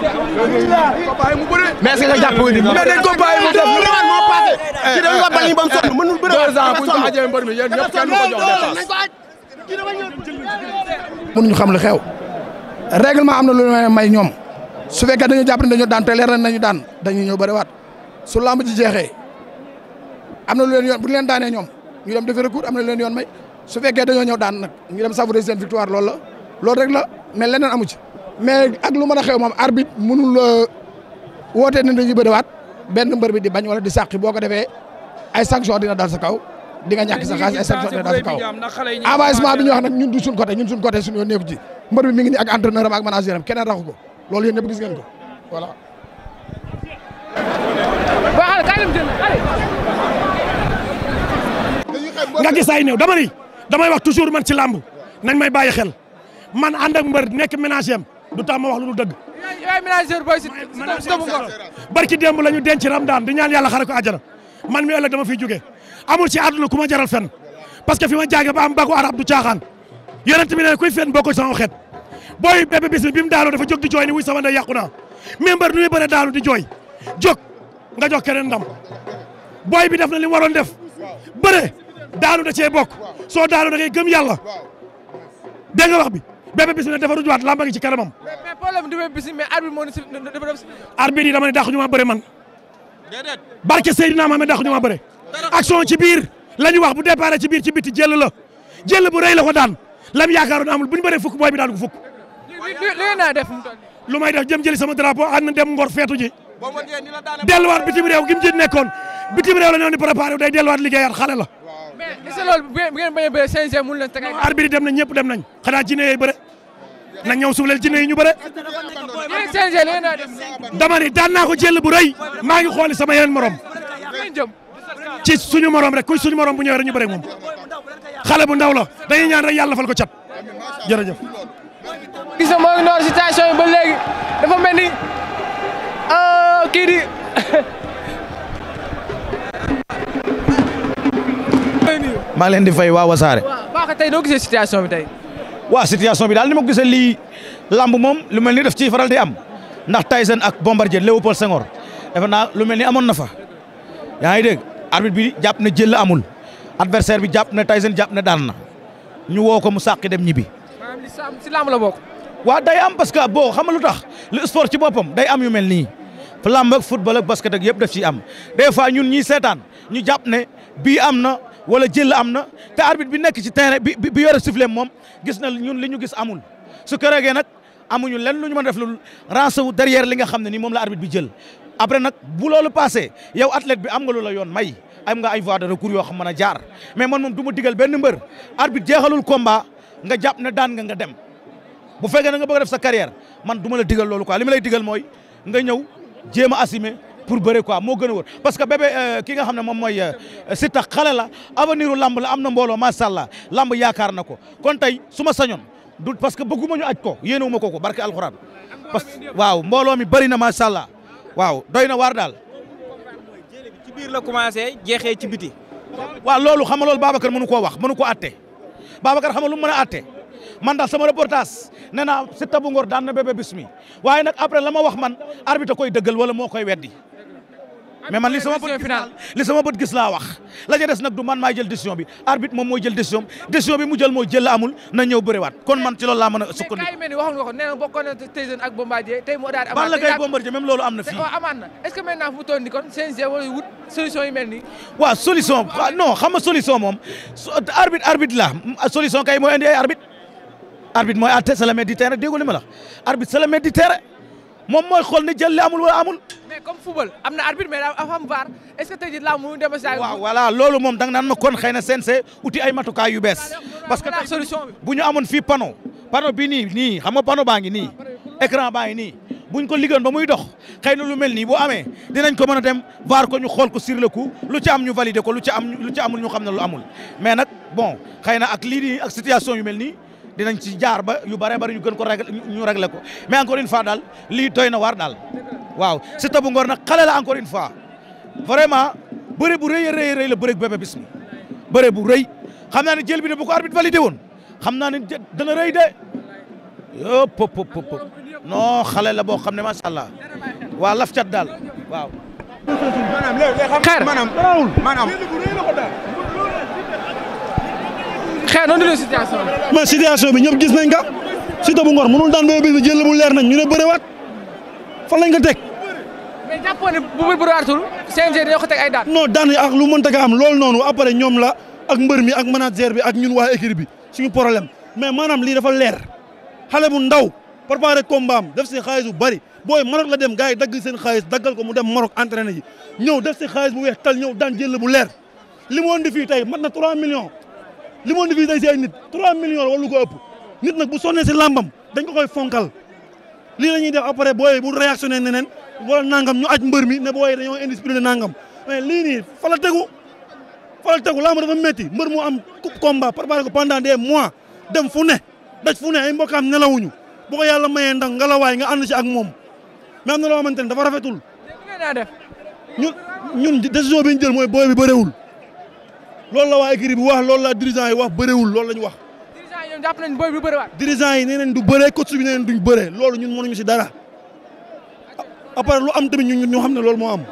mais est-ce que nga jàpp nga ni. mais dañ ko bàyyi mu def lu eh, eh, mu moo paase. kii ñu ko xajee mbër mi yéen ñëpp kenn xam lu xew règlement am na lu may may ñoom su fekkee dañu jàpp ne dañu daan te leer nañ nañu daan dañuy ñëw bëriwaat su lamb ji jeexee am na lu leen yoon bu ñu leen daanee ñoom ñu dem defi recours am na lu leen yoon may su fekkee dañoo ñëw daan nag ñu dem savourer seen victoire loolu la loolu rek la mais leneen amu ci mais ak lu mën a xew moom arbitre mënul euh, wootee ne dañuy bëriwaat benn mbër bi di bañ wala di sàqi boo ko defee ay sanction dina dal sa kaw dinga nga ñàkk sa xaalis ay sanction dina dal sa kaw avancement bi ñu wax nag ñun du suñ côté ñun suñ côté suñu yoon nekku ci mbër bi mi ngi ni ak entraîneur am ak manager am keneen raxu ko loolu yéen ñëpp gis ngeen ko nga gis saay néew dama ni damay wax toujours man ci làmb nañ may bàyyi xel man ànd ak mbër nekk ménage am du tax ma wax lu dul dëgg. yaay ménageur booy si barki démb la ñu denc Ramdaan di ñaan yàlla xare ko àjjana man mi ëllëg dama fiy jóge amul ci àdduna ku ma jaral fenn parce que fi ma jaage ba am bagu arab du caaxaan yonent bi ne kuy fenn bokko sama xeet booy bébé bis mi bi mu daaloo dafa jóg di jooy ni wuy sama ndey yàqu naa mais mbër nu muy bëre daalu di jooy jog nga jox keneen ndam booy bi def na li mu waroon def bëre daalu da cee bokk soo daalu da ngay gëm yàlla dégg nga wax bi Bébé Bismi nag dafa rujuwaat làmba ngi ci kanamam. mais mais problème du Bébé Bismi mais arbitre ne si dafa def si. arbitre yi dama ne dàqu ñu ma man. déedéet barke Seydina Mohamed dàqu ñu ma bëre. action ci biir la ñu wax bu départ ci biir ci bitti jël la jël bu rëy la ko daan lam yaakaaroon na bu ñu bëree fukk booy bi daan ko fukk. li li naa def lu may def jëm jëli sama drapeau ànd dem ngor feetu ji. delluwaat bitim réew gi mu ji nekkoon bitim réew la ñoo ni préparé day delluwaat liggéeyaat xale la mais c'est a bëree CNG dem nañ ñëpp dem nañ xanaa jinne yooyu bëre nañ ñëw suuf jinne yi ñu bëre. yéen CNG li ngeen def. dama ni daan naa ko jël bu rëy maa ngi xooli sama yeneen morom ci suñu morom rek kuy suñu morom bu ñëwee rek ñu bëre moom xale bu ndaw la dañuy ñaan rek yàlla fal ko cat jërëjëf. gis nga moo ngi noonu situation yi ba léegi dafa mel ni ah, kii maa ngi leen di fay waa wasaare. waaw tey noo gisee situation bi tey. waaw situation bi daal ni ma ko gisee lii lamb moom lu mel ni daf ciy faral di am ndax Tyson ak Bombardier Léopold Senghor defe naa lu mel ni amoon na fa yaa ngi dégg arbitre bi jàpp na jël la amul adversaire bi jàpp na Tyson jàpp na daan na ñu woo ko mu sàqi dem ñibbi. maanaam li si lamb la bokk. waaw day am parce que boo xam lu tax lu sport ci boppam day am yu mel nii lamb ak football ak basket ak yëpp daf ciy am des fois ñun ñii seetaan wala jël am na te arbitre bi nekk ci terrain bi bi yore sifflet moom gis na ñun li ñu gis amul su ko gee nag amuñu lenn lu ñu mën a def lu renseau wu li nga xam ne nii moom la arbitre bi jël. après nag bu loolu passé yow athlète bi am nga lu la yoon may am nga ay voies de recours yoo xam mën a jaar mais man moom du ma digal benn mbër arbitre jeexalul komba nga jàpp ne daan nga nga dem. bu fekkee na nga bëgg def sa carrière man du ma la digal loolu quoi li ma lay digal mooy nga ñëw jéem a assumer. pour bëre quoi moo gën a wër parce que bébé euh, ki nga xam ne moom mooy euh, Siteu xale la avenir u lamb la am na mbooloo macha allah lamb yaakaar na ko kon tey suma ma du parce que bëgguma ñu aj ko wuma ko ko barke alxuraan parce que waaw mbooloo mi bëri na macha allah waaw doy na waar daal. ci biir la commencé jeexee ci biti. waaw loolu xam nga loolu Babacar mënu koo wax mënu ko atte Babacar xam nga lu mu a atte man daal sama reportage ne na Siteu bu Ngor daan na bebe bismi waaye nag après la ma wax man arbitre koy dëggal wala moo koy weddi. mais man li sama bët li sama bët gis laa wax la ca des nag du man maay jël décision bi arbitre moom mooy jël décision décision bi mu jël mooy jël la amul na ñëw bëriwaat kon man ci loolu laa mën a sukkandiku. mais gars yi mel ni waxoon nga ko nee na bokkoon na Tyson ak Bombardier tey moo daal di. Balla Gaye Bombardier même loolu am na fii. amaan na est-ce que maintenant fu mu toll nii kon CNG wala wut solution yi mel nii. waaw solution non xam nga solution moom arbitre arbitre la solution kay mooy indi ay arbitre arbitre mooy àtte c'est le maître du terrain déggu li ma la arbitre c'est le maître du terrain moom mooy xool ni jël li amul wala amul. mais comme football am na arbitre mais dafa am VAR est ce que tey jii laaw mu dem loolu moom dang naan ma kon xëy na CNG uti ay matukaay yu bees. parce que solution bi bu ñu amoon fii panneau. panneau bi nii nii xam nga panneau baa ngi nii. écran baa ngi nii buñ ko liggéeyoon ba muy dox xëy na lu mel nii boo amee dinañ ko mën a dem vaar ko ñu xool ko sur le coup lu ci am ñu valider ko lu ci am lu ci amul ñu xam ne lu amul mais nag bon xëy na ak lii nii ak situation yu mel nii dinañ ci jaar ba yu bare bari yu gën ko régler ñu régler ko mais encore une fois daal lii doy na war daal waaw Siteu bu Ngor nag xale la encore une fois vraiment bëre bu rëy rëy rëy la bëre bu Bébé Bismi bu rëy xam naa ne jël bi bu ko arbitre validé woon xam naa ne dana rëy de yëpp pop pop pop non la boo xam ne macha allah waa laf cat daal waaw. xeer maanaam maanaam. xëy na dundee situation bi. bi ñëpp gis nañ ka Siteu bu Ngor mënul daan Bébé Bismi jël bu leer nañ ñu ne bëriwaat fan lañ ko teg. mais jàppoon ne bu muy bëriwaatul CNG ay daan. non daan yi ak lu mënta ka am loolu noonu après ñoom la ak mbër mi ak manager bi ak ñun waa équipe bi suñu problème mais maanaam lii dafa leer xale bu ndaw préparé combat am def si xaalis bu bari booy Maroc la dem gars yi dagg seen xaalis daggal ko mu dem Maroc entraîné ji ñëw def si xaalis bu weex tal ñëw daan jël bu leer li mu woon di fii tey mat na 3 millions. li moo divisé si ay nit 3 millions wala lu ko ëpp nit nag bu sonnee si làmbam dañ ko koy fonkal lii la ñuy def après booy bu réactionné neneen wala nangam ñu aj mbër mi ne booy dañoo indiscipliné nangam mais lii nii fa la tegu fa la tegu làmb dafa métti mbër mu am coupe combat préparé ko pendant des mois dem fu ne daj fu ne ay mbokkaam nelawuñu bu ko yàlla mayee ndax nga la nga ànd si ak moom mais am na loo xamante ne dafa rafetul. ñun ñun décision bi ñu jël mooy booy bi bëreewul loolu la waa écurie bi wax loolu la dirigeant yi wax bëréwul loolu la ñu wax dirigeant yi ñoom jàpp nañ booy du bëre waat dirigeant yi nee nañ du bëre coach bi nee bëre loolu ñun ñu si dara après lu am tamit ñu ñu ñoo xam ne loolu moo am